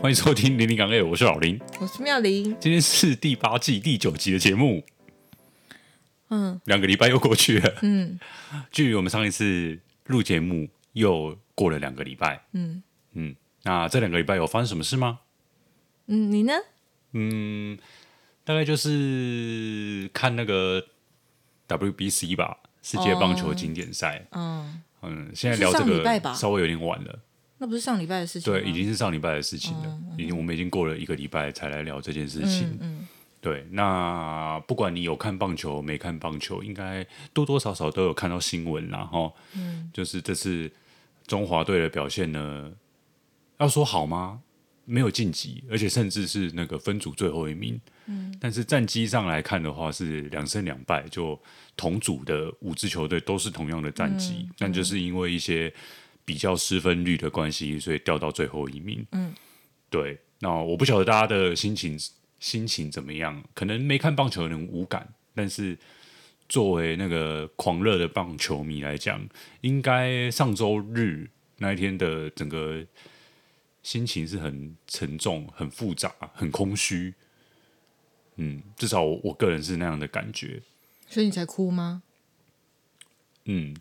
歡迎收聽《零零 On Air》，我是老林，我是妙玲。今天是第八季第九集的節目。嗯，兩個禮拜又過去了。嗯，距離我們上一次錄節目又過了兩個禮拜。嗯嗯，那這兩個禮拜有發生什麼事嗎？嗯，你呢？嗯，大概就是看那個 WBC 吧，世界棒球經典賽。嗯、哦哦、嗯，現在聊這個稍微有點晚了。那不是上禮拜的事情嗎？對，已經是上禮拜的事情了。嗯、已經，我們已經過了一個禮拜才來聊這件事情。嗯嗯、對，那不管你有看棒球沒看棒球，應該多多少少都有看到新聞啦哈。嗯，就是這次中華隊的表現呢，要說好嗎？沒有晉級，而且甚至是那個分組最後一名。嗯，但是戰績上來看的話，是兩勝兩敗，就同組的五支球隊都是同樣的戰績，但、嗯、就是因為一些。比較失分率的關係，所以掉到最後一名。嗯，對。那我不曉得大家的心情心情怎麼樣，可能沒看棒球的人無感，但是作為那個狂熱的棒球迷來講，應該上周日那一天的整個心情是很沉重、很複雜、很空虛。嗯，至少我，我個人是那樣的感覺。所以你才哭嗎？嗯。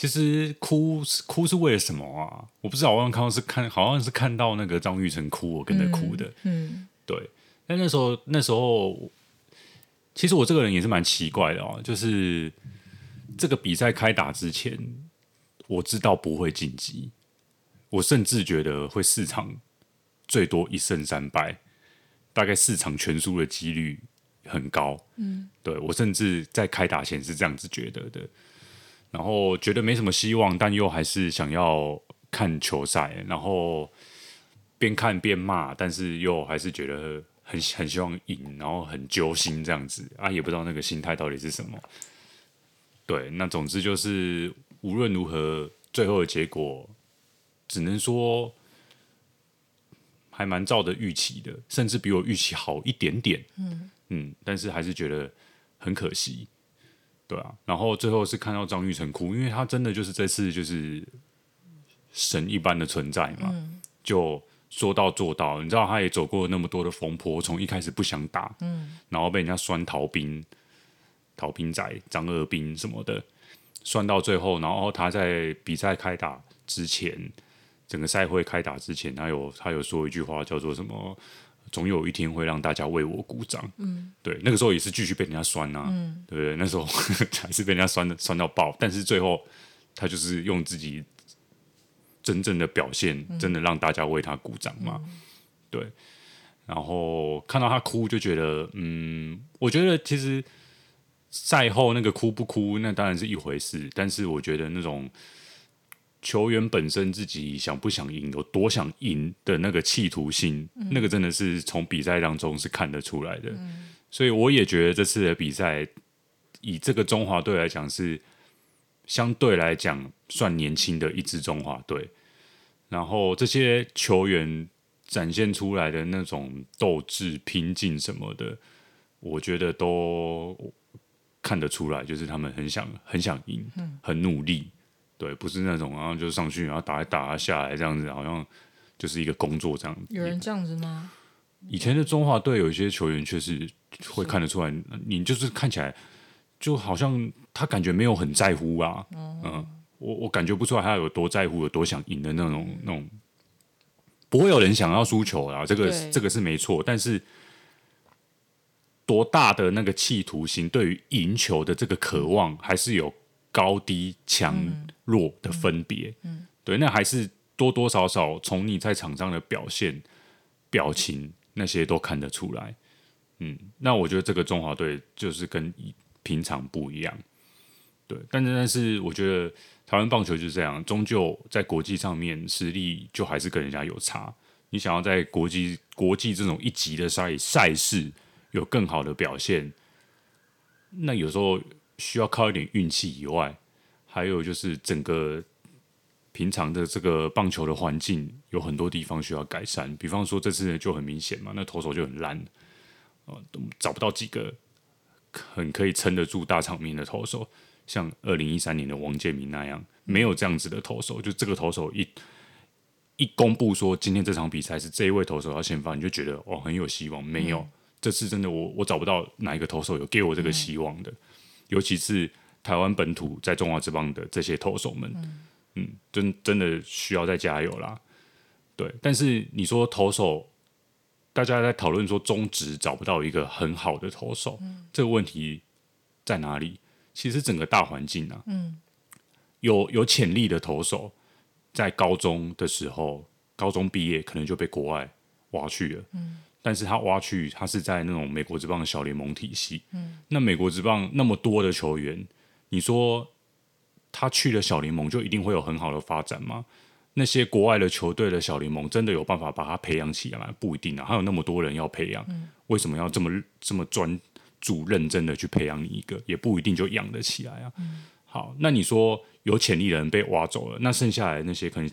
其實哭是哭是為了什麼啊？我不知道。我剛剛看到是看，好像是看到那個張育成哭，我跟着哭的。嗯，嗯，對。但那時候，那時候，其實我這個人也是蠻奇怪的哦。就是這個比賽開打之前，我知道不會晉級，我甚至覺得會四場最多一勝三敗，大概四場全輸的幾率很高。嗯，對，我甚至在開打前是這樣子覺得的。然後覺得沒什麼希望，但又還是想要看球賽，然後邊看邊罵，但是又還是覺得很很希望贏，然後很揪心這樣子啊，也不知道那個心態到底是什麼。對，那總之就是無論如何，最後的結果只能說還蠻照的預期的，甚至比我預期好一點點。嗯嗯，但是還是覺得很可惜。對啊，然後最後是看到張育成哭，因為他真的就是這次就是神一般的存在嘛，嗯、就說到做到。你知道他也走過了那麼多的風波，從一開始不想打，嗯、然後被人家酸逃兵、逃兵仔、張二兵什麼的，酸到最後，然後他在比賽開打之前，整個賽會開打之前，他有他有說一句話叫做什麼？總有一天會讓大家為我鼓掌。嗯，對，那個時候也是繼續被人家酸吶、啊，嗯、對，那時候呵呵還是被人家酸的酸到爆，但是最後他就是用自己真正的表現，嗯、真的讓大家為他鼓掌嘛。嗯、對，然後看到他哭，就覺得，嗯，我覺得其實賽後那個哭不哭，那當然是一回事，但是我覺得那種。球員本身自己想不想贏，有多想贏的那個企圖心，嗯、那個真的是從比賽當中是看得出來的。嗯、所以我也覺得這次的比賽，以這個中華隊來講，是相對來講算年輕的一支中華隊。然後這些球員展現出來的那種鬥志、拼勁什麼的，我覺得都看得出來，就是他們很想、很想贏，很努力。嗯對，不是那種，然後就是上去，然後打一打下來，這樣子，好像就是一個工作這樣子。有人這樣子嗎？以前的中華隊有一些球員確實會看得出來，是你就是看起來就好像他感覺沒有很在乎啊。嗯,嗯，我我感覺不出來他有多在乎，有多想贏的那種、嗯、那種。不會有人想要輸球啊，這個,對這個是,這個是沒錯，但是多大的那個企圖心，對於贏球的這個渴望還是有。高低強弱的分別，嗯，嗯，嗯，對，那還是多多少少從你在場上的表現、表情，嗯，那些都看得出來，嗯，那我覺得這個中華隊就是跟平常不一樣，對，但但是我覺得台灣棒球就是這樣，終究在國際上面實力就還是跟人家有差，你想要在國際國際這種一級的賽賽事有更好的表現，那有時候。需要靠一點運氣以外，還有就是整個平常的這個棒球的環境有很多地方需要改善。比方說這次就很明顯嘛，那投手就很爛，啊、都找不到幾個很可以撐得住大場面的投手，像二零一三年的王建民那樣，沒有這樣子的投手。就這個投手一一公布說今天這場比賽是這一位投手要先發，你就覺得哦，很有希望。沒有，嗯、這次真的我我找不到哪一個投手有給我這個希望的。嗯尤其是台灣本土在中華職棒的這些投手們，嗯，嗯，真真的需要再加油啦。對，但是你說投手，大家在討論說中職找不到一個很好的投手，嗯、這個問題在哪裡？其實整個大環境啊，嗯，有有潛力的投手，在高中的時候，高中畢業可能就被國外挖去了，嗯但是他挖去他是在那種美國職棒的小聯盟體系，嗯，那美國職棒那麼多的球員，你說他去了小聯盟就一定會有很好的發展嗎？那些國外的球隊的小聯盟真的有辦法把他培養起來嗎？不一定啊，還有那麼多人要培養，嗯、為什麼要這麼這麼專注認真的去培養你一個？也不一定就養得起來啊。嗯、好，那你說有潛力的人被挖走了，那剩下來的那些可能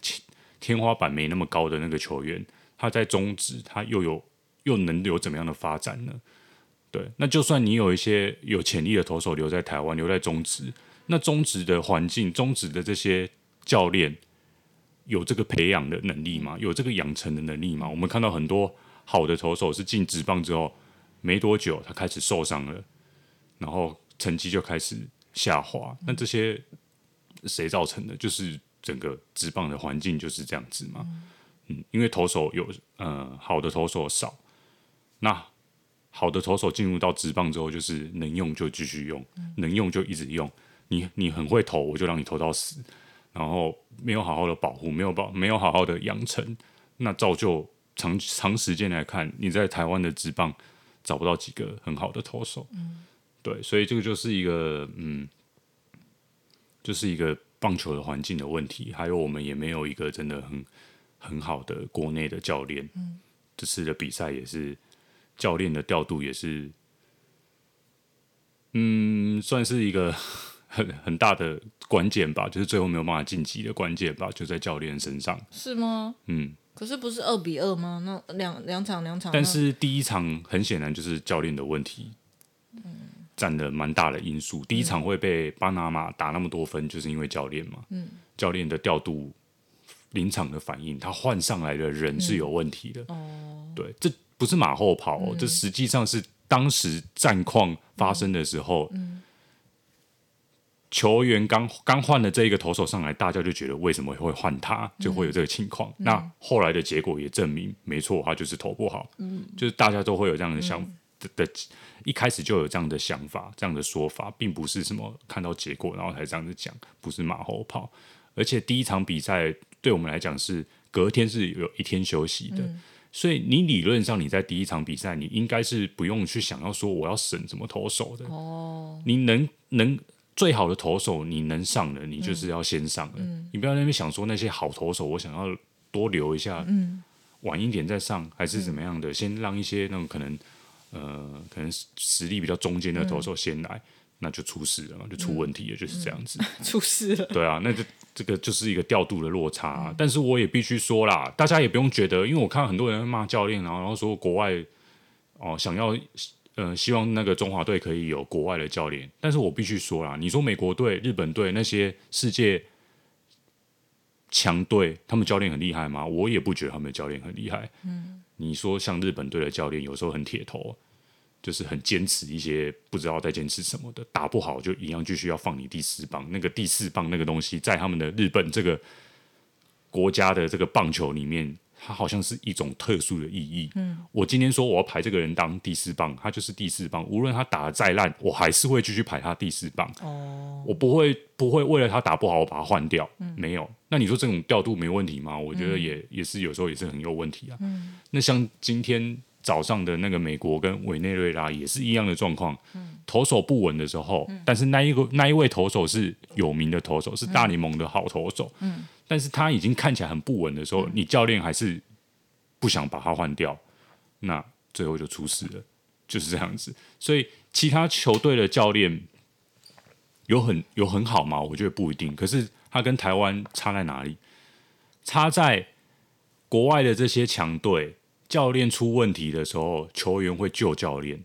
天花板沒那麼高的那個球員，他在中職他又有。又能有怎麼樣的發展呢？對，那就算你有一些有潛力的投手留在台灣，留在中職，那中職的環境、中職的這些教練有這個培養的能力嗎？有這個養成的能力嗎？我們看到很多好的投手是進職棒之後沒多久，他開始受傷了，然後成績就開始下滑。那這些誰造成的？就是整個職棒的環境就是這樣子嘛？嗯，嗯，因為投手有呃好的投手少。那好的投手進入到職棒之後，就是能用就繼續用，嗯、能用就一直用。你你很會投，我就讓你投到死。然後沒有好好的保護，沒有保，沒有好好的養成，那造就長長時間來看，你在台灣的職棒找不到幾個很好的投手。嗯、對，所以這個就是一個嗯，就是一個棒球的環境的問題。還有我們也沒有一個真的很很好的國內的教練。嗯、這次的比賽也是。教練的調度也是，嗯，算是一個很很大的關鍵吧，就是最後沒有辦法晉級的關鍵吧，就在教練身上，是嗎？嗯，可是不是二比二嗎？那兩兩場兩場，兩場，但是第一場很顯然就是教練的問題，占、嗯、了蠻大的因素。第一場會被巴拿馬打那麼多分，就是因為教練嘛，嗯，教練的調度、臨場的反應，他換上來的人是有問題的，嗯、哦，對，這。不是馬後炮、哦，嗯、這實際上是當時戰況發生的時候，嗯嗯、球員剛剛換了這一個投手上來，大家就覺得為什麼會換他，就會有這個情況。嗯嗯、那後來的結果也證明，沒錯，他就是投不好，嗯、就是大家都會有這樣的想、嗯、的、的，一開始就有這樣的想法、這樣的說法，並不是什麼看到結果然後才這樣子講，不是馬後炮。而且第一場比賽對我們來講是隔天是有一天休息的。嗯所以你理論上你在第一場比賽，你應該是不用去想要說我要省什麼投手的。哦，你能能最好的投手你能上的，你就是要先上的。嗯，你不要在那邊想說那些好投手，我想要多留一下，晚一點再上，嗯，還是怎麼樣的，先讓一些那種可能呃，可能實力比較中間的投手先來。嗯。那就出事了嘛，就出問題了，嗯、就是這樣子。嗯嗯、出事了。對啊，那這這個就是一個調度的落差。嗯、但是我也必須說啦，大家也不用覺得，因為我看很多人罵教練，然後說國外哦想要嗯、呃，希望那個中華隊可以有國外的教練。但是我必須說啦，你說美國隊、日本隊那些世界強隊，他們教練很厲害嗎？我也不覺得他們的教練很厲害。嗯。你說像日本隊的教練，有時候很鐵頭。就是很堅持一些，不知道在堅持什麼的，打不好就一樣繼續要放你第四棒。那個第四棒那個東西，在他們的日本這個國家的這個棒球裡面，它好像是一種特殊的意義。嗯、我今天說我要排這個人當第四棒，他就是第四棒，無論他打得再爛，我還是會繼續排他第四棒。哦、嗯，我不會不會為了他打不好我把他換掉。嗯、沒有。那你說這種調度沒問題嗎？我覺得也、嗯、也是有時候也是很有問題啊。嗯、那像今天。早上的那個美國跟委內瑞拉也是一樣的狀況，嗯，投手不穩的時候，嗯，但是那一個那一位投手是有名的投手，是大聯盟的好投手，嗯，但是他已經看起來很不穩的時候，嗯，你教練還是不想把他換掉，那最後就出事了，就是這樣子。所以其他球隊的教練有很有很好嗎？我覺得不一定。可是他跟台灣差在哪裡？差在國外的這些強隊。教練出問題的時候，球員會救教練；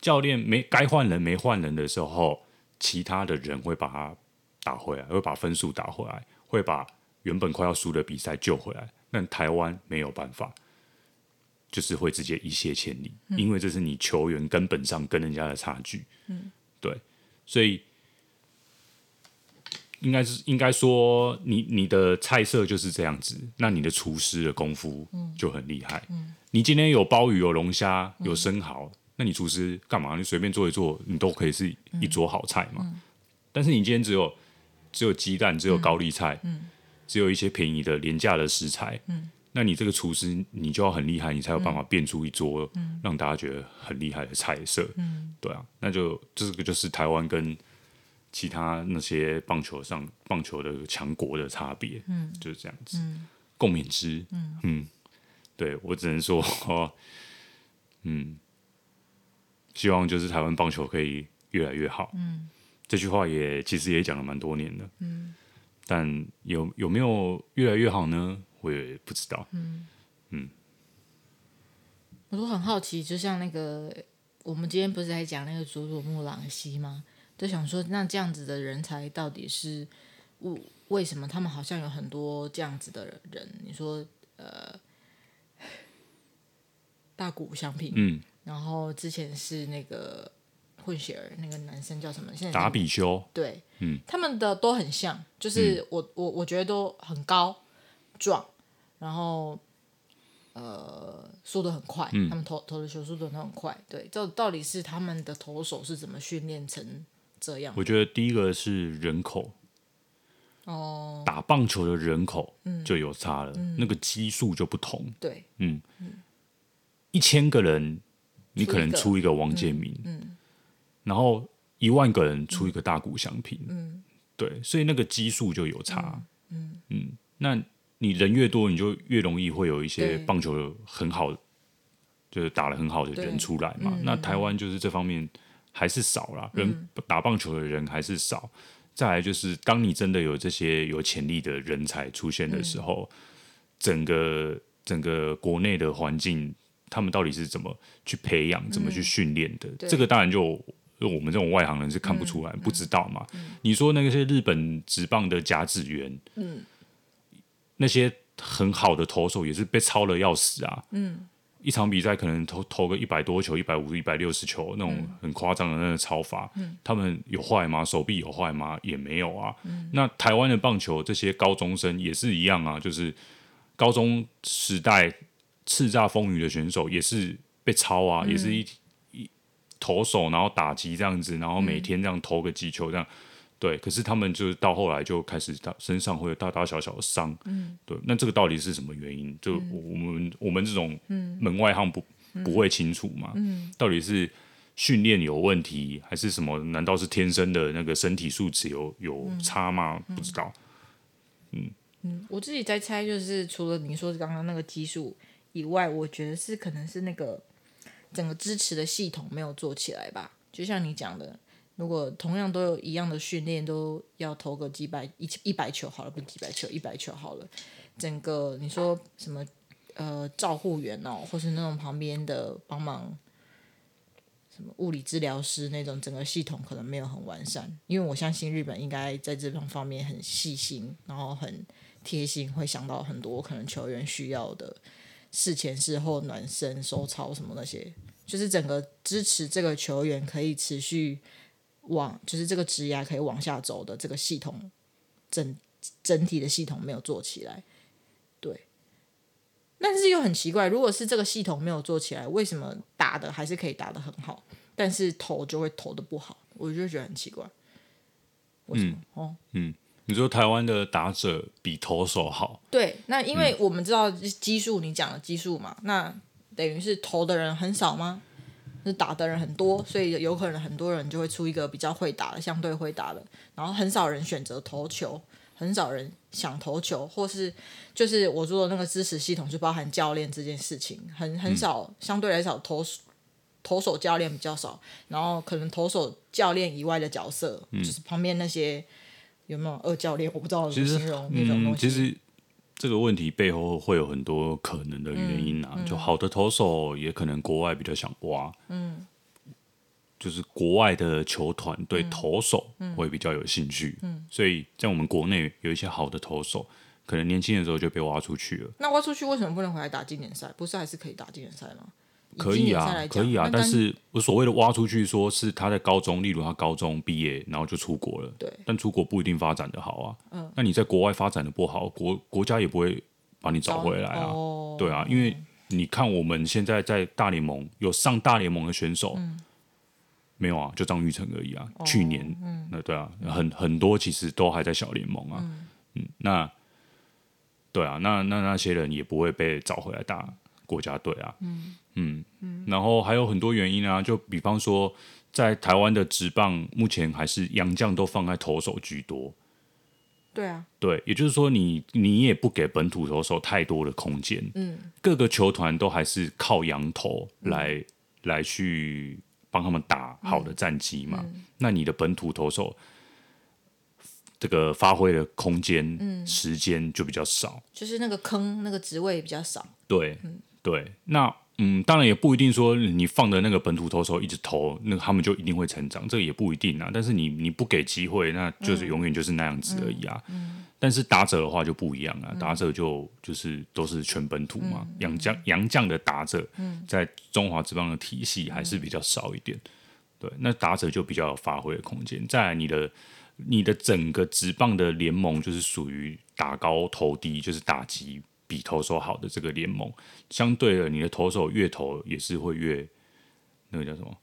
教練沒該換人沒換人的時候，其他的人會把他打回來，會把分數打回來，會把原本快要輸的比賽救回來。那台灣沒有辦法，就是會直接一瀉千里，嗯、因為這是你球員根本上跟人家的差距。嗯，對，所以應該是應該說你，你你的菜色就是這樣子，那你的廚師的功夫就很厲害。嗯。嗯你今天有鮑魚、有龍蝦、有生蠔，嗯、那你廚師幹嘛？你隨便做一做，你都可以是一桌好菜嘛。嗯嗯、但是你今天只有只有雞蛋、只有高麗菜，嗯嗯、只有一些便宜的、廉價的食材，嗯、那你這個廚師你就要很厲害，你才有辦法變出一桌讓大家覺得很厲害的菜色。嗯嗯、對啊，那就這個就是台灣跟其他那些棒球上棒球的強國的差別。嗯、就是這樣子。嗯嗯、共勉之，嗯。嗯對，我只能說，哦，嗯，希望就是台灣棒球可以越來越好。嗯，這句話也其實也講了蠻多年的。嗯，但有有沒有越來越好呢？我也不知道。嗯，嗯，我都很好奇，就像那個，我們今天不是還講那個佐佐木朗希嗎？就想說，那這樣子的人才到底是為什麼？他們好像有很多這樣子的人。你說，呃。大谷翔平，嗯，然後之前是那個混血兒，那個男生叫什麼？現在達比修，對，嗯，他們的都很像，就是我、嗯、我我覺得都很高壯，然後呃，速度很快，嗯、他們投投的球速度都很快，對，這到底是他們的投手是怎麼訓練成這樣？我覺得第一個是人口，哦、呃，打棒球的人口就有差了，嗯、那個基數就不同，對，嗯嗯。嗯一千個人，個你可能出一個王建民，嗯嗯、然後一萬個人出一個大谷翔平，嗯、對，所以那個基數就有差，嗯嗯，嗯，那你人越多，你就越容易會有一些棒球很好，對就是打了很好的人出來嘛。對那台灣就是這方面還是少了，嗯、人打棒球的人還是少。嗯、再來就是，當你真的有這些有潛力的人才出現的時候，嗯、整個整個國內的環境。他們到底是怎麼去培養、怎麼去訓練的？嗯、這個當然就我們這種外行人是看不出來、嗯嗯、不知道嘛。嗯、你說那些日本職棒的甲子園，嗯，那些很好的投手也是被操了要死啊。嗯，一場比賽可能投投個一百多球，一百五、一百六十球那個很誇張的那種操法。嗯、他們有壞嗎？手臂有壞嗎？也沒有啊。嗯、那台灣的棒球這些高中生也是一樣啊，就是高中時代。叱咤風雲的選手也是被操啊，嗯、也是一一投手，然後打擊這樣子，然後每天這樣投個幾球這樣，嗯、對。可是他們就是到後來就開始身上會有大大小小的傷，嗯，對。那這個到底是什麼原因？就我們、嗯、我們這種門外漢不、嗯、不會清楚嘛，嗯，到底是訓練有問題，還是什麼？難道是天生的那個身體素質有有差嗎？嗯嗯、不知道，嗯嗯，我自己在猜，就是除了你說剛剛那個基數。以外，我覺得是可能是那個整個支持的系統沒有做起來吧。就像你講的，如果同樣都有一樣的訓練，都要投個幾百一一百球好了，不幾百球一百球好了，整個你說什麼呃照護員哦，或是那種旁邊的幫忙什麼物理治療師那種，整個系統可能沒有很完善。因為我相信日本應該在這方面很細心，然後很貼心，會想到很多可能球員需要的。事前事後暖身收操，什麼那些，就是整個支持這個球員可以持續往，就是這個職業，可以往下走的這個系統，整整體的系統沒有做起來，對。但是又很奇怪，如果是這個系統沒有做起來，為什麼打的還是可以打得很好，但是投就會投得不好？我就覺得很奇怪，為什麼？哦、嗯，嗯。你說台灣的打者比投手好？對，那因為我們知道基數，嗯、你講的基數嘛，那等於是投的人很少嗎？是打的人很多，所以有可能很多人就會出一個比較會打的，相對會打的，然後很少人選擇投球，很少人想投球，或是就是我做的那個支持系統就包含教練這件事情，很很少，嗯、相對來少投投手教練比較少，然後可能投手教練以外的角色，嗯、就是旁邊那些。有沒有二教練？我不知道。其實，嗯，其實這個問題背後會有很多可能的原因啊。嗯嗯、就好的投手也可能國外比較想挖，嗯，就是國外的球團對投手會比較有興趣，嗯嗯嗯、所以在我們國內有一些好的投手，可能年輕的時候就被挖出去了。那挖出去為什麼不能回來打經典賽？不是還是可以打經典賽嗎？可以啊，可以啊，跟但是我所謂的挖出去，說是他在高中，例如他高中畢業，然後就出國了，對但出國不一定發展得好啊。嗯、那你在國外發展得不好，國國家也不會把你找回來啊。哦、對啊，因為你看我們現在在大聯盟有上大聯盟的選手、嗯、沒有啊？就張育成而已啊。哦、去年，嗯，那對啊，很很多其實都還在小聯盟啊。嗯，嗯，那對啊，那那，那些人也不會被找回來打國家隊啊。嗯嗯，然後還有很多原因啊，就比方說，在台灣的職棒，目前還是洋將都放在投手居多，對啊，對，也就是說你你也不給本土投手太多的空間，嗯，各個球團都還是靠洋投來、嗯、來去幫他們打好的戰績嘛，嗯、那你的本土投手這個發揮的空間、嗯、時間就比較少，就是那個坑那個職位比較少，對，嗯、對，那。嗯，當然也不一定說你放的那個本土投手一直投，那他們就一定會成長，這個也不一定啊。但是你你不給機會，那就是永遠就是那樣子而已啊。嗯嗯嗯、但是打者的話就不一樣啊，嗯、打者就就是都是全本土嘛，洋將洋將的打者在中華職棒的體系還是比較少一點。嗯、對，那打者就比較有發揮的空間。再來你的你的整個職棒的聯盟就是屬於打高投低，就是打擊比投手好的這個聯盟，相對的，你的投手越投也是會越那個叫什麼？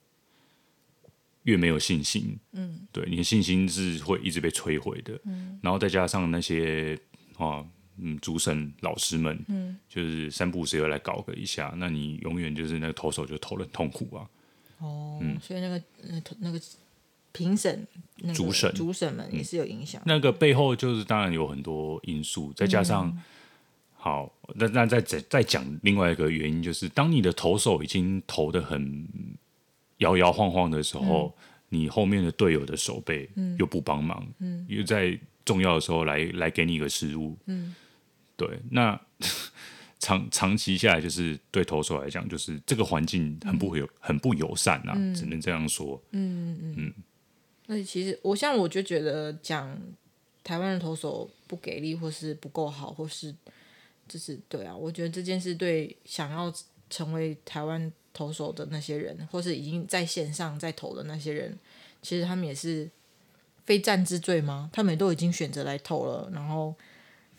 越沒有信心。嗯，對，你的信心是會一直被摧毀的。嗯，然後再加上那些啊，嗯，主審老師們，嗯，就是三不五時又來搞個一下，那你永遠就是那個投手就投得很痛苦啊。哦，嗯，所以那個那投那，那個評審、那個、主審、主審們也是有影響、嗯。那個背後就是當然有很多因素，再加上。嗯好，那那再再再講另外一個原因，就是當你的投手已經投得很搖搖晃晃的時候，嗯、你後面的隊友的守備又不幫忙，嗯嗯、又在重要的時候來來給你一個失誤，嗯、對。那長長期下來，就是對投手來講，就是這個環境很不友、嗯、很不友善吶、啊，嗯、只能這樣說。嗯嗯嗯。那、嗯嗯、其實我像我就覺得講台灣的投手不給力，或是不夠好，或是。就是對啊，我覺得這件事對想要成為台灣投手的那些人，或是已經在線上在投的那些人，其實他們也是非戰之罪嗎？他們也都已經選擇來投了，然後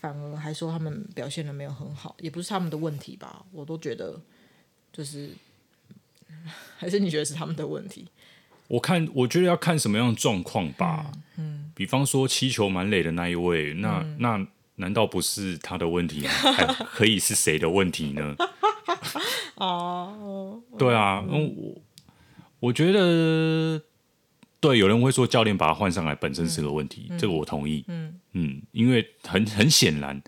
反而還說他們表現得沒有很好，也不是他們的問題吧？我都覺得，就是、嗯、還是你覺得是他們的問題？我看，我覺得要看什麼樣的狀況吧。嗯，嗯比方說七球滿壘的那一位，那、嗯、那。難道不是他的問題還可以是誰的問題呢？哦， 對啊，我我覺得，對，有人會說教練把他換上來本身是個問題，嗯、這個我同意。嗯、嗯，因為很很顯然，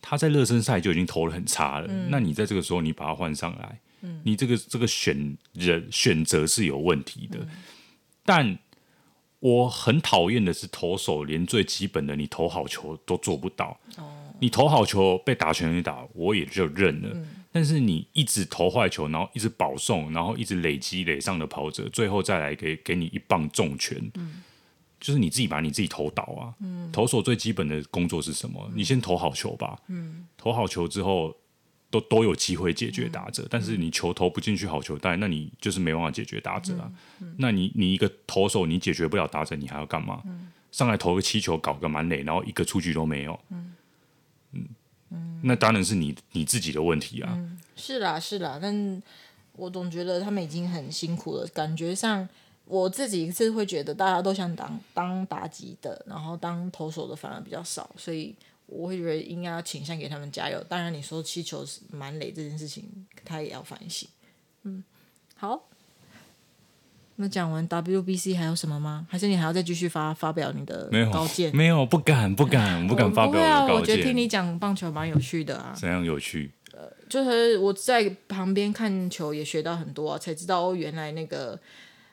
他在熱身賽就已經投得很差了。嗯、那你在這個時候你把他換上來，你這個這個選人選擇是有問題的，嗯、但。我很討厭的是投手連最基本的你投好球都做不到，oh. 你投好球被打全壘打，我也就認了。嗯、但是你一直投壞球，然後一直保送，然後一直累積壘上的跑者，最後再來給給你一棒重拳，嗯、就是你自己把你自己投倒啊！嗯、投手最基本的工作是什麼？嗯、你先投好球吧，嗯、投好球之後。都都有機會解決打者，嗯、但是你球投不進去好球帶，那你就是沒辦法解決打者了，啊。嗯嗯、那你你一個投手你解決不了打者，你還要幹嘛？嗯、上來投個七球，搞個滿壘，然後一個出局都沒有。嗯，嗯那當然是你你自己的問題啊。嗯、是啦是啦，但我總覺得他們已經很辛苦了，感覺上我自己是會覺得大家都想當當打擊的，然後當投手的反而比較少，所以。我會覺得應該要傾向給他們加油。當然，你說氣球蠻累這件事情，他也要反省。嗯，好。那講完 WBC 還有什麼嗎？還是你還要再繼續發發表你的高見？沒有，不敢，不敢，不敢發表我的高見、啊、我覺得聽你講棒球蠻有趣的啊。怎樣有趣？呃，就是我在旁邊看球也學到很多、啊，才知道哦，原來那個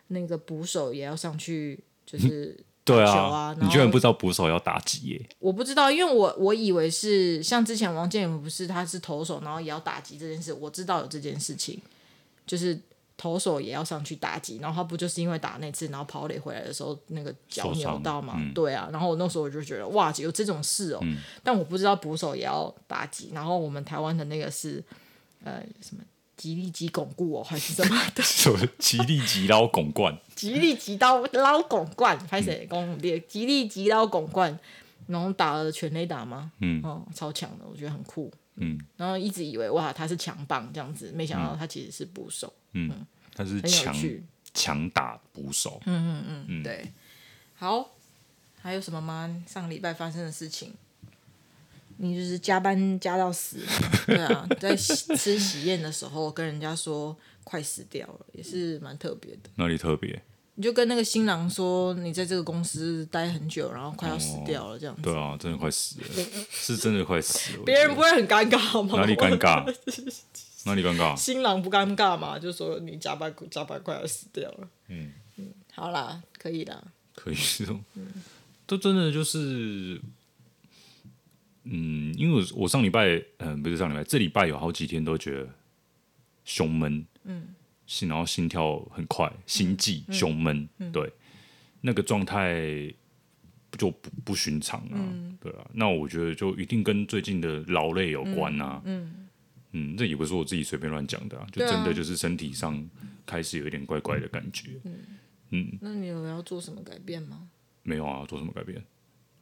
那個捕手也要上去，就是、嗯。對啊，啊你居然不知道捕手要打擊耶！我不知道，因為我我以為是像之前王建民不是他是投手，然後也要打擊這件事。我知道有這件事情，就是投手也要上去打擊，然後他不就是因為打那次，然後跑壘回來的時候那個腳扭到嘛？嗯、對啊，然後我那時候我就覺得哇，有這種事哦！嗯、但我不知道捕手也要打擊，然後我們台灣的那個是呃什麼？吉力吉撈鞏冠哦，還是什麼的？什麼吉力吉撈鞏冠？吉力吉撈鞏冠？吉力吉撈鞏冠？還是講力？吉力吉撈鞏冠？然後打了全壘打嗎？嗯，哦，超強的，我覺得很酷。嗯，然後一直以為哇，他是強棒這樣子，沒想到他其實是捕手。嗯，他、嗯、是強強打捕手。嗯嗯嗯，嗯對。好，還有什麼嗎？上個禮拜發生的事情？你就是加班加到死，對啊，在吃喜宴的時候跟人家說快死掉了，也是蠻特別的。哪裡特別？你就跟那個新郎說，你在這個公司待很久，然後快要死掉了，這樣子，哦。對啊，真的快死了，嗯、是真的快死了。別 人不會很尷尬嗎？哪裡尷尬？ 哪裡尷尬？新郎不尷尬嗎？就說你加班加班快要死掉了。嗯，嗯，好啦，可以的，可以的。嗯，這真的就是。嗯，因為我我上禮拜，嗯、呃，不是上禮拜，這禮拜有好幾天都覺得胸悶，嗯，心然後心跳很快，心悸、胸、嗯、悶，嗯、對，嗯、那個狀態就不不尋常啊，嗯、對啊，那我覺得就一定跟最近的勞累有關啊，嗯，嗯，嗯，這也不是我自己隨便亂講的、啊，就真的就是身體上開始有一點怪怪的感覺，嗯，嗯嗯那你有、沒有要做什麼改變嗎？沒有啊，做什麼改變？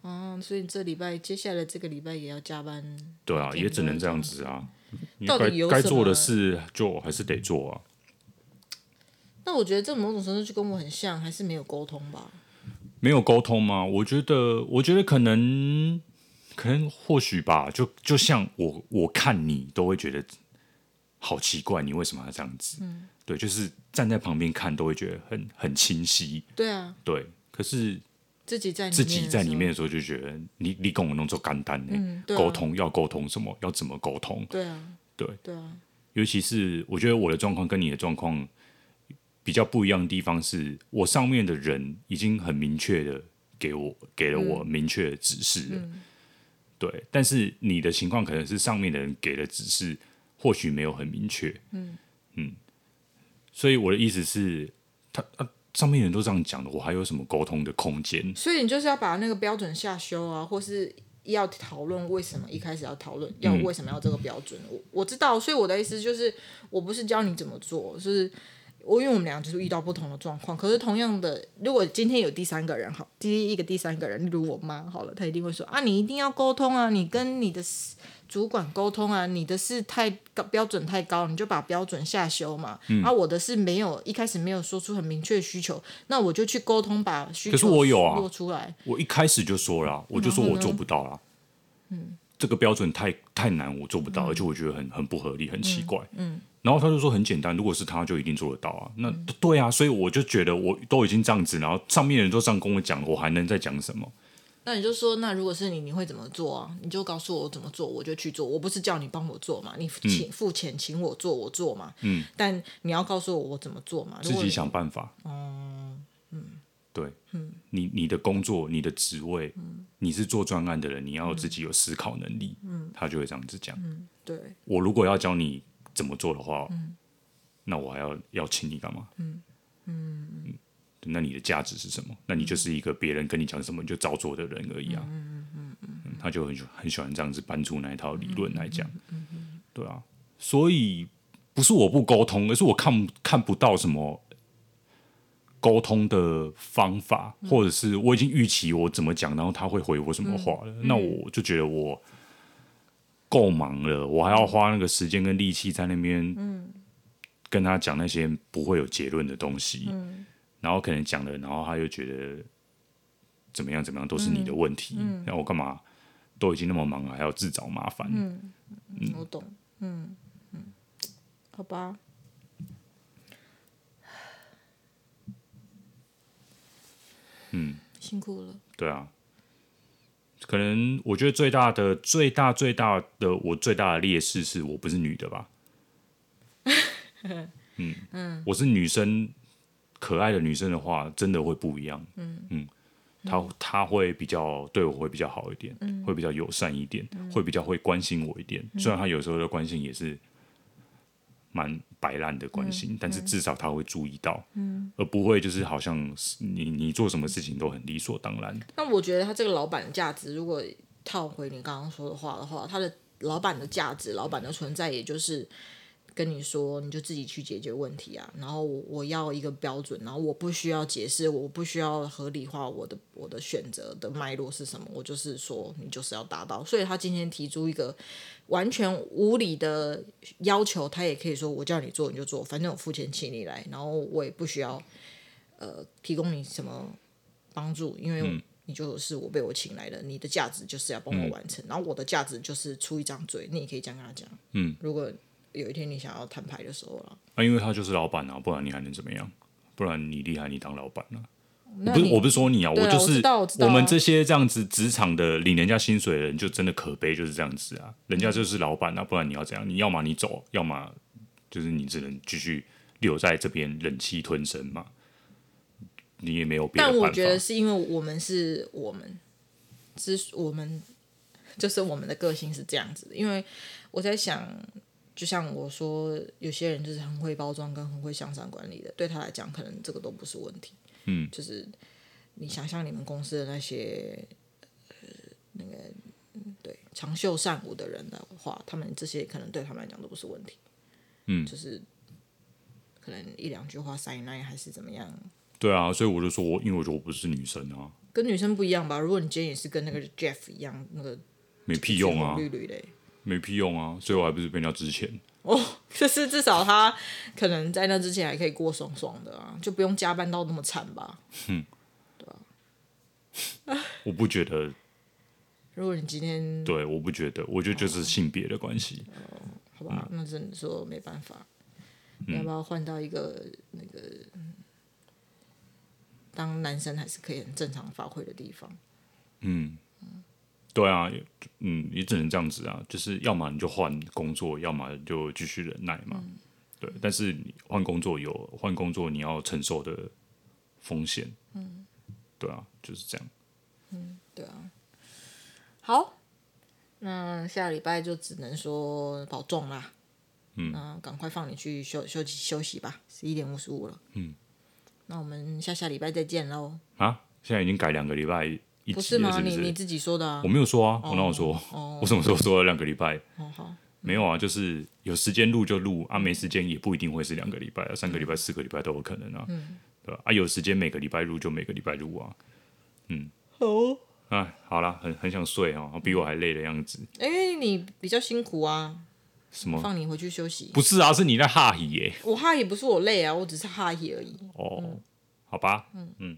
哦，所以這禮拜接下來這個禮拜也要加班。對啊，天也只能這樣子啊。對你該到底、啊、該做的事，就還是得做啊。那我覺得這某種程度就跟我很像，還是沒有溝通吧。沒有溝通嗎？我覺得，我覺得可能，可能或許吧。就就像我我看你，都會覺得好奇怪，你為什麼要這樣子？嗯、對，就是站在旁邊看，都會覺得很很清晰。對啊，對，可是。自己在裡面的時候，時候就覺得你你跟我弄作乾單呢、欸，溝、嗯啊、通要溝通什麼，要怎麼溝通？對啊，對對啊。尤其是我覺得我的狀況跟你的狀況比較不一樣的地方是，我上面的人已經很明確的給我給了我明確的指示了。嗯嗯、對，但是你的情況可能是上面的人給的指示或許沒有很明確。嗯，嗯所以我的意思是，他。啊上面人都這樣講的，我還有什麼溝通的空間？所以你就是要把那個標準下修啊，或是要討論為什麼一開始要討論，要為什麼要這個標準。嗯，我我知道，所以我的意思就是，我不是教你怎麼做，就是。我因為我們倆就是遇到不同的狀況，可是同樣的，如果今天有第三個人好，第一個第三個人，例如我媽好了，她一定會說啊，你一定要溝通啊，你跟你的主管溝通啊，你的事太高標準太高，你就把標準下修嘛。嗯、啊，我的事沒有一開始沒有說出很明確的需求，那我就去溝通把需求，可是我有啊，做出來。我一開始就說了，嗯、我就說我做不到了、嗯。嗯。嗯這個標準太太難，我做不到，嗯、而且我覺得很很不合理，很奇怪。嗯，嗯然後他就說很簡單，如果是他就一定做得到啊。那、嗯、對啊，所以我就覺得我都已經這樣子，然後上面人都這樣跟我講，我還能再講什麼？那你就說，那如果是你，你會怎麼做啊？你就告訴我怎麼做，我就去做。我不是叫你幫我做嘛？你請、嗯、付錢，請我做，我做嘛。嗯，但你要告訴我我怎麼做嘛？你自己想辦法。嗯。嗯對，你你的工作，你的職位，嗯、你是做專案的人，你要自己有思考能力，嗯、他就會這樣子講，嗯，對，我如果要教你怎麼做的話，嗯、那我還要要請你幹嘛？嗯嗯嗯，那你的價值是什麼？那你就是一個別人跟你講什麼你就照做的人而已啊，嗯、他就很很喜歡這樣子搬出那一套理論來講，對啊，所以不是我不溝通，而是我看看不到什麼。溝通的方法，或者是我已經預期我怎麼講，然後他會回我什麼話了，嗯、那我就覺得我夠忙了，我還要花那個時間跟力氣在那邊，跟他講那些不會有結論的東西，嗯、然後可能講了，然後他又覺得怎麼樣怎麼樣都是你的問題，那、嗯嗯、我幹嘛都已經那麼忙了，還要自找麻煩、嗯嗯？嗯，我懂，嗯，好吧。嗯，辛苦了。對啊，可能我覺得最大的、最大、最大的我最大的劣勢是我不是女的吧。 嗯，嗯，我是女生，可愛的女生的話，真的會不一樣。嗯嗯，嗯，她她會比較對我會比較好一點，嗯、會比較友善一點，嗯、會比較會關心我一點。雖然她有時候的關心也是。蠻白爛的關心，嗯嗯、但是至少他會注意到，嗯、而不會就是好像你你做什麼事情都很理所當然。那我覺得他這個老闆的價值，如果套回你剛剛說的話的話，他的老闆的價值，老闆的存在，也就是。跟你說，你就自己去解決問題啊。然後我我要一個標準，然後我不需要解釋，我不需要合理化我的我的選擇的脈絡是什麼。我就是說，你就是要達到。所以他今天提出一個完全無理的要求，他也可以說：“我叫你做你就做，反正我付錢請你來，然後我也不需要呃提供你什麼幫助，因為你就是我被我請來的，你的價值就是要幫我完成，嗯、然後我的價值就是出一張嘴。”你也可以這樣跟他講。嗯，如果。有一天你想要攤牌的時候了，啊，因為他就是老闆啊，不然你還能怎麼樣？不然你厲害，你當老闆呢、啊？你我不是我不是說你啊，啊我就是我們這些這樣子職場的領人家薪水的人，就真的可悲，就是這樣子啊。嗯、人家就是老闆啊，不然你要怎樣？你要麼你走，要麼就是你只能繼續留在這邊忍氣吞聲嘛。你也沒有必要。但我覺得是因為我們是我們之我們就是我們的個性是這樣子的，因為我在想。就像我說，有些人就是很會包裝跟很會向上管理的，對他來講，可能這個都不是問題。嗯，就是你想象你們公司的那些、呃、那個對長袖善舞的人的話，他們這些可能對他們來講都不是問題。嗯，就是可能一兩句話、三言兩語還是怎麼樣。對啊，所以我就說，因為我覺得我不是女生啊，跟女生不一樣吧？如果你今天也是跟那個 Jeff 一樣，那個沒屁用啊，綠綠的、欸。沒屁用啊，最後還不是被人家資遣哦。可是至少他可能在那之前還可以過爽爽的啊，就不用加班到那麼慘吧。哼、嗯，對啊， 我不覺得。如果你今天對，我不覺得，我覺得就是性別的關係。哦、嗯，好吧，那只能說沒辦法。嗯、你要不要換到一個那個當男生還是可以很正常發揮的地方？嗯。對啊，嗯，也只能這樣子啊，就是要麼你就換工作，要麼你就繼續忍耐嘛。嗯，對，但是你換工作有換工作你要承受的風險。嗯，對啊，就是這樣。嗯，對啊。好，那下禮拜就只能說保重啦。嗯，趕快放你去休休息休息吧。十一點五十五了。嗯，那我們下下禮拜再見嘍。啊，現在已經改兩個禮拜。不是嗎？你你自己說的。我沒有說啊，我哪有說？我什麼時候說兩個禮拜？哦好，沒有啊，就是有時間錄就錄啊，沒時間也不一定會是兩個禮拜啊，三個禮拜、四個禮拜都有可能啊。嗯，對吧？啊，有時間每個禮拜錄就每個禮拜錄啊。嗯，好啊，好啦，很很想睡啊，比我還累的樣子。因為你比較辛苦啊。什麼？放你回去休息？不是啊，是你在哈戲耶。我哈戲不是我累啊，我只是哈戲而已。哦，好吧。嗯嗯。